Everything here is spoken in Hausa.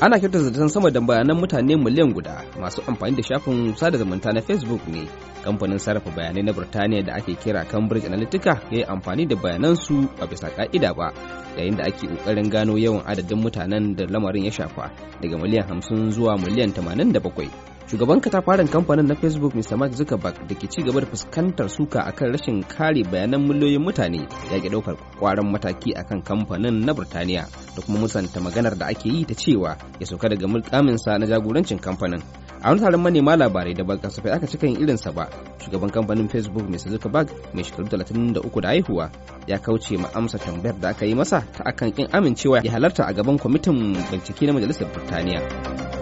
ana kyautar zaton sama da bayanan mutane miliyan guda masu amfani da shafin sada zumunta na facebook ne kamfanin sarrafa bayanai na birtaniya da ake kira cambridge analytica ya yi amfani da bayanansu a bisa ka'ida ba yayin da ake kokarin gano yawan adadin mutanen da lamarin ya shafa daga miliyan hamsin zuwa miliyan bakwai. shugaban katafaren kamfanin na facebook mr mark zuckerberg da ke gaba da fuskantar suka akan rashin kare bayanan miliyoyin mutane ya ki daukar kwaran mataki akan kamfanin na burtaniya da kuma musanta maganar da ake yi ta cewa ya sauka daga mulkaminsa na jagorancin kamfanin a wani taron manema labarai da ba kasafai aka cika yin irinsa ba shugaban kamfanin facebook mr zuckerberg mai shekaru 33 da haihuwa ya kauce ma amsa tambayar da aka yi masa ta akan kin amincewa ya halarta a gaban kwamitin bincike na majalisar burtaniya